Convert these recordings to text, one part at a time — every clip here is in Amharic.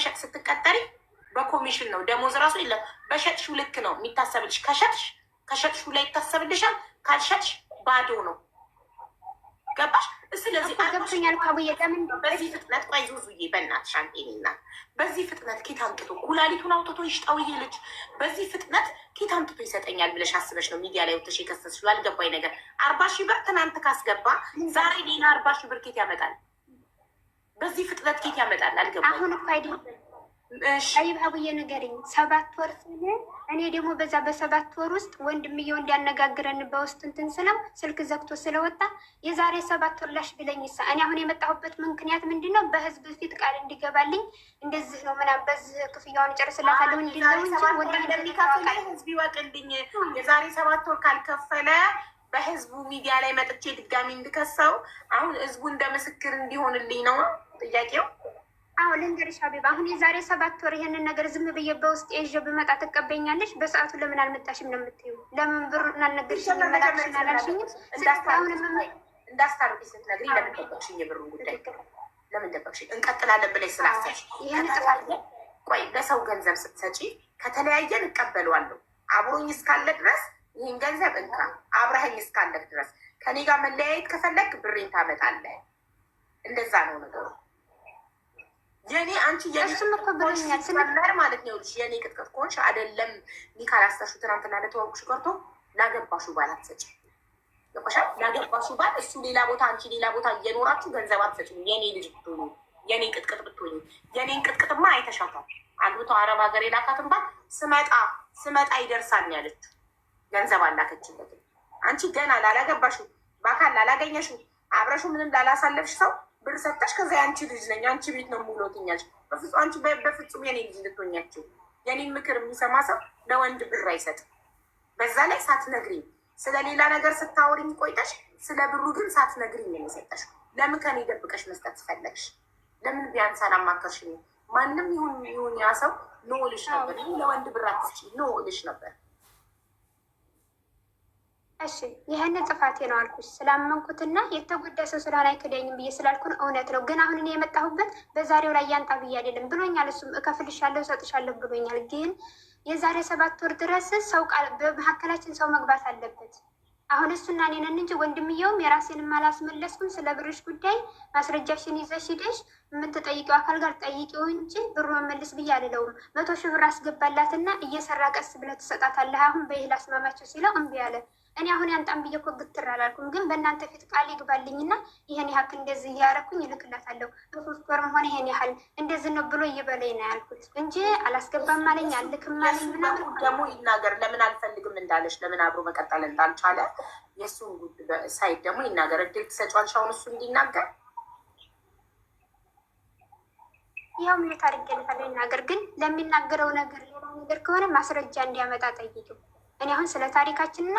በመሸጥ ስትቀጠሪ በኮሚሽን ነው። ደሞዝ ራሱ የለም። በሸጥሽው ልክ ነው የሚታሰብልሽ። ከሸጥሽ ከሸጥሽው ላይ ይታሰብልሻል። ካልሸጥሽ ባዶ ነው። ገባሽ? ስለዚህ ገብቶኛል። ካቡዬ በዚህ ፍጥነት ቆይዞ ዙዬ በእናትሽ ሻንጤኔና በዚህ ፍጥነት ኬት አምጥቶ ኩላሊቱን አውጥቶ ይሽጣው ይሄ ልጅ በዚህ ፍጥነት ኬት አምጥቶ ይሰጠኛል ብለሽ አስበሽ ነው ሚዲያ ላይ ወጥተሽ የከሰስሽው? አልገባኝ ነገር አርባ ሺህ ብር ትናንት ካስገባ ዛሬ ሌላ አርባ ሺህ ብር ኬት ያመጣል? በዚህ ፍጥነት ኬት ያመጣል አልገባ አሁን እኮ አይደለም ጠይብ አቡዬ ንገሪኝ። ሰባት ወር ስል እኔ ደግሞ በዛ በሰባት ወር ውስጥ ወንድምየው እንዲያነጋግረን በውስጥ እንትን ስለው ስልክ ዘግቶ ስለወጣ የዛሬ ሰባት ወር ላሽ ብለኝ ይሳ እኔ አሁን የመጣሁበት ምክንያት ምንድን ነው? በህዝብ ፊት ቃል እንዲገባልኝ እንደዚህ ነው ምናምን በዚህ ክፍያውን ጨርስላታለሁ እንዲለውወንድሚከፍለ ህዝብ ይወቅልኝ። የዛሬ ሰባት ወር ካልከፈለ በህዝቡ ሚዲያ ላይ መጥቼ ድጋሚ እንድከሰው አሁን ህዝቡ እንደ ምስክር እንዲሆንልኝ ነው። ጥያቄው? አዎ ልንገርሽ ሀቢባ፣ አሁን የዛሬ ሰባት ወር ይህንን ነገር ዝም ብዬ በውስጥ ይዤ ብመጣ ትቀበኛለሽ? በሰዓቱ ለምን አልመጣሽም ነው የምትይው? ለምን ብሩ እናልነገርሽም አላልሽኝም? እንዳስታርቂ ስትነግሪኝ ለምን ደበቅሽኝ? የብሩን ጉዳይ ለምን ደበቅሽኝ? እንቀጥላለን ብለሽ ስላሰብሽ ይህን ጥፋት ቆይ ለሰው ገንዘብ ስትሰጪ ከተለያየን እቀበለዋለሁ። አብሮኝ እስካለ ድረስ ይህን ገንዘብ እንካ፣ አብረኸኝ እስካለ ድረስ ከኔ ጋር መለያየት ከፈለግ ብሬን ታመጣለህ። እንደዛ ነው ነገሩ። የኔ አንቺ የኔ የሱምኮብኛችንበር ማለት ነው ልጅ የኔ ቅጥቅጥ ከሆንሽ አይደለም ኒካል አስተሹ ትናንትና ለተዋወቅሽ ቀርቶ ላገባሹ ባል አትሰጭ ቆሻ ላገባሹ ባል እሱ ሌላ ቦታ አንቺ ሌላ ቦታ እየኖራችሁ ገንዘብ አትሰጭ። የኔ ልጅ ብትሆኝ የኔ ቅጥቅጥ ብትሆኝ የኔን ቅጥቅጥማ አይተሻታል። አግብተው አረብ ሀገር የላካትን ባል ስመጣ ስመጣ ይደርሳል ያለች ገንዘብ አላከችበትም። አንቺ ገና ላላገባሹ በአካል ላላገኘሹ አብረሹ ምንም ላላሳለፍሽ ሰው ብር ሰጠሽ፣ ከዛ የአንቺ ልጅ ነኝ አንቺ ቤት ነው ሙሉ ትኛል። በፍጹም አንቺ በፍጹም የኔ ልጅ ልትሆኛችው። የኔን ምክር የሚሰማ ሰው ለወንድ ብር አይሰጥም። በዛ ላይ ሳትነግሪኝ ስለ ሌላ ነገር ስታወሪኝ ቆይተሽ ስለ ብሩ ግን ሳትነግሪኝ ነው የሰጠሽ። ለምን ከኔ ደብቀሽ መስጠት ትፈለግሽ? ለምን ቢያንስ አላማከርሽ? ማንም ይሁን ይሁን ያ ሰው ኖ ልሽ ነበር። ለወንድ ብር አትስጪ ኖ ልሽ ነበር። እሺ ይህንን ጥፋቴ ነው አልኩሽ ስላመንኩትና የተጎዳ ሰው ስለሆነ አይክደኝም ብዬ ስላልኩን እውነት ነው። ግን አሁን እኔ የመጣሁበት በዛሬው ላይ ያንጣ ብዬ አይደለም ብሎኛል። እሱም እከፍልሻለሁ፣ እሰጥሻለሁ ብሎኛል። ግን የዛሬ ሰባት ወር ድረስ ሰው ቃል በመካከላችን ሰው መግባት አለበት። አሁን እሱና እኔ ነን እንጂ ወንድምየውም የራሴንም አላስመለስኩም። ስለ ብርሽ ጉዳይ ማስረጃሽን ይዘሽ ሂደሽ የምትጠይቂው አካል ጋር ጠይቂው እንጂ ብሩ መመልስ ብዬ አልለውም። መቶ ሺህ ብር አስገባላትና እየሰራ ቀስ ብለህ ትሰጣታለህ አሁን በይህ ላስማማቸው ሲለው እምቢ አለ። እኔ አሁን ያንጣም ብዬ እኮ ግትር አላልኩም፣ ግን በእናንተ ፊት ቃል ይግባልኝና ይሄን ያህል እንደዚህ እያረኩኝ እልክላታለሁ። በሶፍትዌርም ሆነ ይሄን ያህል እንደዚህ ነው ብሎ እየበለኝ ነው ያልኩት እንጂ አላስገባም አለኝ አልክም አለኝ ምናምን። ደግሞ ይናገር ለምን አልፈልግም እንዳለች ለምን አብሮ መቀጠል እንዳልቻለ የእሱን ጉድ ሳይድ ደግሞ ይናገር። እድል ትሰጫዋለሽ አሁን እሱ እንዲናገር ያው ምነት አድርጌለታለሁ ነገር ግን ለሚናገረው ነገር ሌላ ነገር ከሆነ ማስረጃ እንዲያመጣ ጠይቅም። እኔ አሁን ስለ ታሪካችንና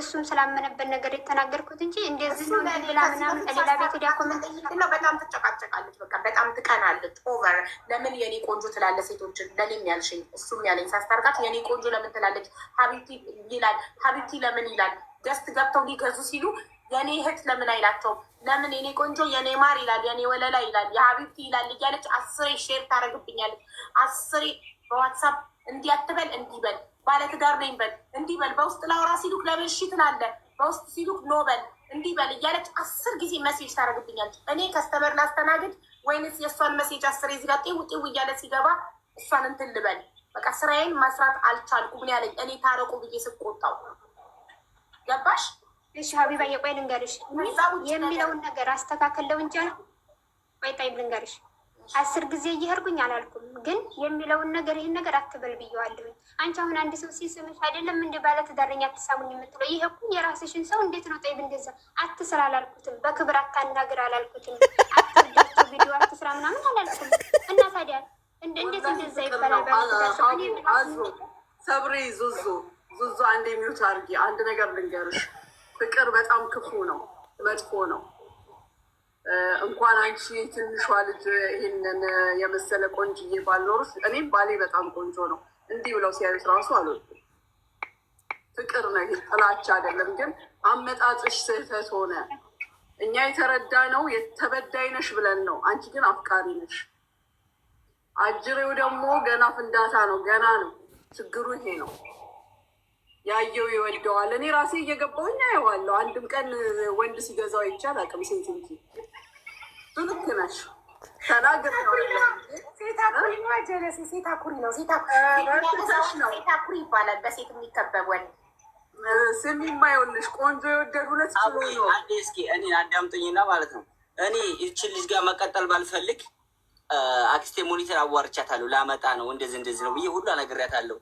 እሱም ስላመነበት ነገር የተናገርኩት እንጂ እንደዚህ ነው ብላ ምናምን ሌላ ቤት ዲያኮመጠይቅነው በጣም ትጨቃጨቃለች። በቃ በጣም ትቀናለች። ኦቨር ለምን የኔ ቆንጆ ትላለ ሴቶችን ለኔም ያልሽኝ እሱም ያለኝ ሳስታርጋት የኔ ቆንጆ ለምን ትላለች ሀቢቲ ይላል ሀቢቲ ለምን ይላል ገስት ገብተው ሊገዙ ሲሉ የኔ እህት ለምን አይላቸው ለምን የኔ ቆንጆ የኔ ማር ይላል የኔ ወለላ ይላል የሀቢቲ ይላል እያለች አስሬ ሼር ታደርግብኛለች። አስሬ በዋትሳፕ እንዲያትበል እንዲበል እንዲህ በል፣ ባለትዳር ነኝ በል፣ እንዲበል በውስጥ ላውራ ሲሉክ ለምን እሺ ትላለህ? በውስጥ ሲሉክ ኖ በል፣ እንዲህ እያለች አስር ጊዜ መሴጅ ታደርግብኛለች። እኔ ከስተመር ላስተናግድ ወይንስ የእሷን መሴጅ አስር የዚህ ጋር ጤው ጤው እያለ ሲገባ እሷን እንትን ልበል? በቃ ስራዬን መስራት አልቻልኩም ነው ያለኝ። እኔ ታረቁ ብዬ ስቆጣው ገባሽ? እሺ ሀቢባ የቆይ ልንገርሽ የሚለውን ነገር አስተካከለው እንጂ አይጣይም ልንገርሽ አስር ጊዜ እየሄድኩኝ አላልኩም፣ ግን የሚለውን ነገር ይህን ነገር አትበል ብየዋለሁኝ። አንቺ አሁን አንድ ሰው ሲስምሽ አይደለም እንደ ባለ ትዳረኛ አትሳሙኝ የምትለው ይሄ እኮ የራስሽን ሰው እንዴት ነው ጠይብ? እንደዛ አትስራ አላልኩትም፣ በክብር አታናግር አላልኩትም፣ አትዳቸው ቪዲዮ አትስራ ምናምን አላልኩም። እና ታዲያ እንዴት እንደዛ ይባላል? ሰብሬ ዙዙ ዙዙ አንድ የሚዩት አርጊ አንድ ነገር ልንገርሽ፣ ፍቅር በጣም ክፉ ነው፣ መጥፎ ነው። እንኳን አንቺ ትንሿ ልጅ ይህንን የመሰለ ቆንጅዬ ባልኖርሽ፣ እኔም ባሌ በጣም ቆንጆ ነው እንዲህ ብለው ሲያዩት ራሱ አልወጡም። ፍቅር ነው ይሄ፣ ጥላቻ አይደለም። ግን አመጣጥሽ ስህተት ሆነ። እኛ የተረዳ ነው የተበዳይ ነሽ ብለን ነው። አንቺ ግን አፍቃሪ ነሽ። አጅሬው ደግሞ ገና ፍንዳታ ነው፣ ገና ነው። ችግሩ ይሄ ነው። ያየው ይወደዋል። እኔ ራሴ እየገባሁኝ አየዋለሁ። አንድም ቀን ወንድ ሲገዛው ይቻል አቅም ሴት እንጂ ልክ ነሽ። ተናገር ይባላል። በሴት የሚከበብ ወንድ ስሚ የማይሆንሽ ቆንጆ የወደድ ሁለት ችሎ ነው። አንዴ እስኪ እኔ አዳምጡኝና ማለት ነው እኔ ይችን ልጅ ጋር መቀጠል ባልፈልግ አክስቴ ሞኒተር አዋርቻታለሁ። ላመጣ ነው እንደዚህ እንደዚህ ነው ብዬ ሁሉ አነግሬያታለሁ።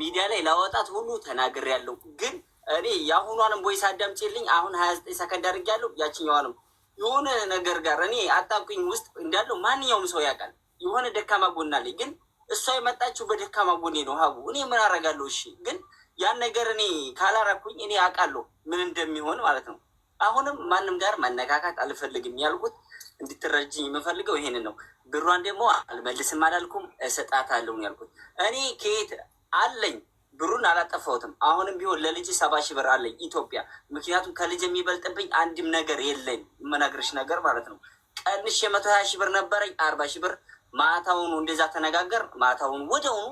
ሚዲያ ላይ ላወጣት ሁሉ ተናግር ያለው ግን እኔ የአሁኗንም ቦይስ አዳምጪልኝ። አሁን ሀያ ዘጠኝ ሰከንድ ያለው ያችኛዋንም የሆነ ነገር ጋር እኔ አጣቁኝ ውስጥ እንዳለው ማንኛውም ሰው ያውቃል። የሆነ ደካማ ጎን አለኝ፣ ግን እሷ የመጣችው በደካማ ጎኔ ነው። ሀቡ እኔ ምን አረጋለሁ? እሺ፣ ግን ያን ነገር እኔ ካላረኩኝ እኔ አውቃለሁ ምን እንደሚሆን ማለት ነው። አሁንም ማንም ጋር መነካካት አልፈልግም ያልኩት እንድትረጅኝ የምፈልገው ይሄንን ነው። ብሯን ደግሞ አልመልስም አላልኩም፣ እሰጣታለሁ ያልኩት እኔ ከየት አለኝ ብሩን አላጠፋሁትም። አሁንም ቢሆን ለልጅ ሰባ ሺህ ብር አለኝ ኢትዮጵያ። ምክንያቱም ከልጅ የሚበልጥብኝ አንድም ነገር የለኝ የምነግርሽ ነገር ማለት ነው። ቀንሽ የመቶ ሀያ ሺህ ብር ነበረኝ አርባ ሺህ ብር ማታውኑ እንደዛ ተነጋገር። ማታውኑ ወደውኑ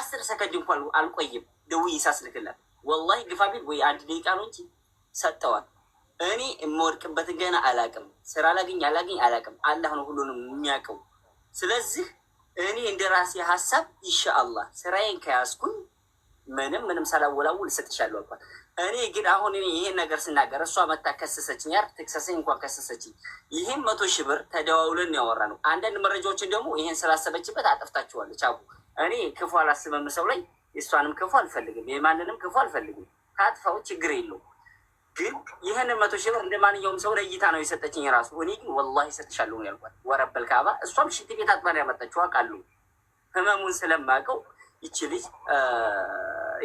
አስር ሰከንድ እንኳን አልቆይም ደውዬ ሳስልክላት ወላሂ ግፋቢል ወይ አንድ ደቂቃ ነው እንጂ ሰጠዋል። እኔ የምወድቅበትን ገና አላቅም። ስራ አላገኝ አላገኝ አላቅም። አላህ ነው ሁሉንም የሚያውቀው። ስለዚህ እኔ እንደ ራሴ ሀሳብ ኢንሻአላህ ስራዬን ከያዝኩኝ ምንም ምንም ሳላወላውል እሰጥሻለሁ አልኳት። እኔ ግን አሁን እኔ ይሄን ነገር ስናገር እሷ መታ ከሰሰችኝ፣ ያር ትክሰሰኝ እንኳን ከሰሰችኝ። ይህም መቶ ሺህ ብር ተደዋውለን ያወራ ነው። አንዳንድ መረጃዎችን ደግሞ ይሄን ስላሰበችበት አጠፍታችኋለች። አቡ እኔ ክፉ አላስበም ሰው ላይ የእሷንም ክፉ አልፈልግም፣ የማንንም ክፉ አልፈልግም። ታጥፋው ችግር የለው ግን ይህን መቶ ሺህ ብር እንደ ማንኛውም ሰው ለእይታ ነው የሰጠችኝ። ራሱ እኔ ግን ወላሂ እሰጥሻለሁ ነው ያልኳት። ወረበል ካባ እሷም ሽንት ቤት አጥባን ያመጣችው አውቃለሁ። ህመሙን ስለማውቀው ይቺ ልጅ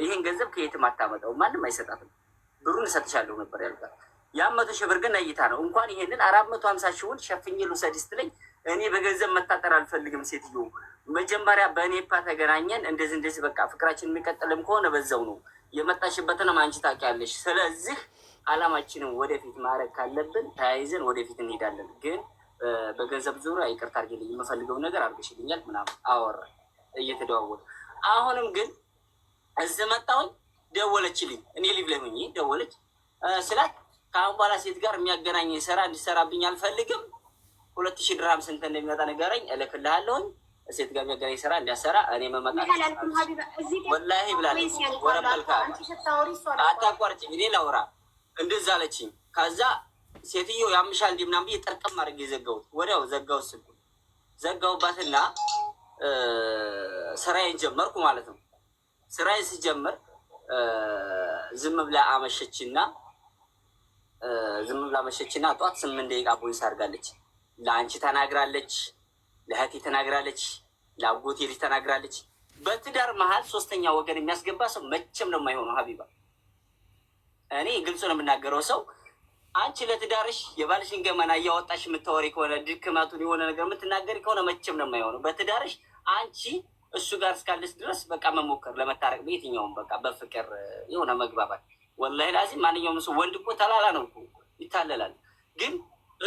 ይህን ገንዘብ ከየትም አታመጣው፣ ማንም አይሰጣትም፣ ብሩን እሰጥሻለሁ ነበር ያልኳት። ያን መቶ ሺህ ብር ግን ለእይታ ነው። እንኳን ይሄንን አራት መቶ ሀምሳ ሺውን ሸፍኝ ልውሰድ ስትለኝ እኔ በገንዘብ መታጠር አልፈልግም። ሴትዮ መጀመሪያ ፓ ተገናኘን፣ እንደዚህ እንደዚህ በቃ ፍቅራችን የሚቀጥልም ከሆነ በዛው ነው የመጣሽበትን አንቺ ታውቂያለሽ። ስለዚህ አላማችንን ወደፊት ማድረግ ካለብን ተያይዘን ወደፊት እንሄዳለን። ግን በገንዘብ ዙሪያ ይቅርታ አድርጊልኝ፣ የምፈልገው ነገር አድርገሽልኛል ምናምን አወራ እየተደዋወለ አሁንም ግን እዚህ መጣሁኝ። ደወለችልኝ፣ እኔ ሊቭ ላይ ሆኜ ደወለች ስላት ከአሁን በኋላ ሴት ጋር የሚያገናኝ ስራ እንዲሰራብኝ አልፈልግም። ሁለት ሺህ ድራም ስንት እንደሚመጣ ንገረኝ እልክልሃለሁኝ ሴት ጋር መገናኝ ስራ እንዲያሰራ እኔ መመጣት ወላሂ ብላለች። አታቋርጭ እኔ ላውራ እንደዛ አለችኝ። ከዛ ሴትዮ ያምሻል እንዲህ ምናምን ብዬ ጠርቅም አድርጌ ዘጋሁት። ወዲያው ዘጋሁት ስልኩን ዘጋሁባትና ስራዬን ጀመርኩ ማለት ነው። ስራዬን ስጀምር ዝም ብላ አመሸችና ዝም ብላ አመሸችና ጠዋት ስምንት ደቂቃ ቦይስ አድርጋለች። ለአንቺ ተናግራለች ለእህቴ ተናግራለች፣ ለአጎቴ ልጅ ተናግራለች። በትዳር መሀል ሶስተኛ ወገን የሚያስገባ ሰው መቼም ነው የማይሆነው። ሀቢባ እኔ ግልጽ ነው የምናገረው ሰው አንቺ ለትዳርሽ የባልሽን ገመና እያወጣሽ የምታወሪ ከሆነ ድክመቱን የሆነ ነገር የምትናገሪ ከሆነ መቼም ነው የማይሆነው። በትዳርሽ አንቺ እሱ ጋር እስካለች ድረስ በቃ መሞከር ለመታረቅ በየትኛውም በቃ በፍቅር የሆነ መግባባት ወላሂ ላዚ ማንኛውም ሰው ወንድ እኮ ተላላ ነው ይታለላል ግን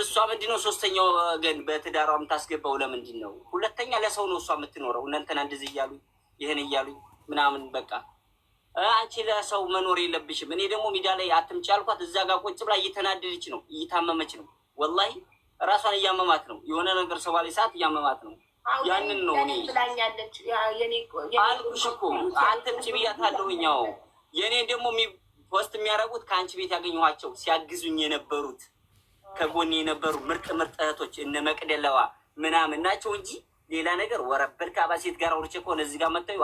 እሷ ምንድን ነው ሶስተኛው ወገን በትዳሯ የምታስገባው ለምንድን ነው? ሁለተኛ ለሰው ነው እሷ የምትኖረው። እናንተን እንደዚህ እያሉ ይህን እያሉ ምናምን በቃ አንቺ ለሰው መኖር የለብሽም። እኔ ደግሞ ሜዳ ላይ አትምጭ አልኳት። እዛ ጋር ቁጭ ብላ እየተናደደች ነው፣ እየታመመች ነው። ወላሂ ራሷን እያመማት ነው። የሆነ ነገር ሰባ ላይ ሰዓት እያመማት ነው። ያንን ነው እኔ አልኩሽ እኮ አትምጪ ብያታለሁኝ። የእኔ ደግሞ ፖስት የሚያደርጉት ከአንቺ ቤት ያገኘኋቸው ሲያግዙኝ የነበሩት ከጎን የነበሩ ምርጥ ምርጥ እህቶች እነ መቅደለዋ ምናምን ናቸው እንጂ ሌላ ነገር ወረበል ከአባ ሴት ጋር አውርቼ ከሆነ እዚህ ጋር መጥተው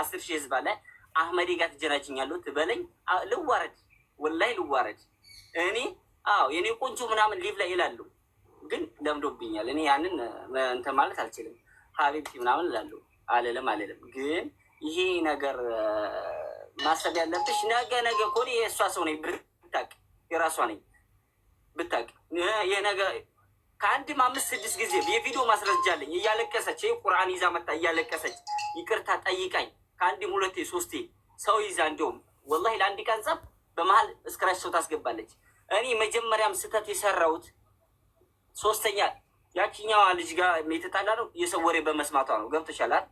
አስር ሺህ ህዝብ አለ አህመዴ ጋር ትጀናጅኛለሁ ትበለኝ፣ ልዋረድ፣ ወላይ ልዋረድ። እኔ አዎ የኔ ቆንጆ ምናምን ሊቭ ላይ ይላሉ፣ ግን ለምዶብኛል። እኔ ያንን እንተ ማለት አልችልም። ሀቢብቲ ምናምን ይላሉ፣ አልልም አልልም። ግን ይሄ ነገር ማሰብ ያለብሽ ነገ ነገ እኮ የእሷ ሰው ነኝ፣ ብር የራሷ ነኝ ብታቅ የነገ ከአንድም አምስት ስድስት ጊዜ የቪዲዮ ማስረጃ አለኝ። እያለቀሰች ይህ ቁርአን ይዛ መታ እያለቀሰች ይቅርታ ጠይቃኝ ከአንድም ሁለቴ ሶስቴ ሰው ይዛ እንዲሁም ወላሂ ለአንድ ቀን ጸብ በመሀል እስክራች ሰው ታስገባለች። እኔ መጀመሪያም ስህተት የሰራሁት ሶስተኛ ያችኛዋ ልጅ ጋር የተጣላ ነው የሰው ወሬ በመስማቷ ነው። ገብቶሻላል?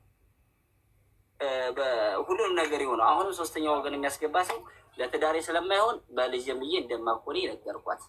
ሁሉንም ነገር የሆነ አሁንም ሶስተኛ ወገን የሚያስገባ ሰው ለትዳሬ ስለማይሆን በልጅ የምዬ እንደማኮኔ ነገርኳት።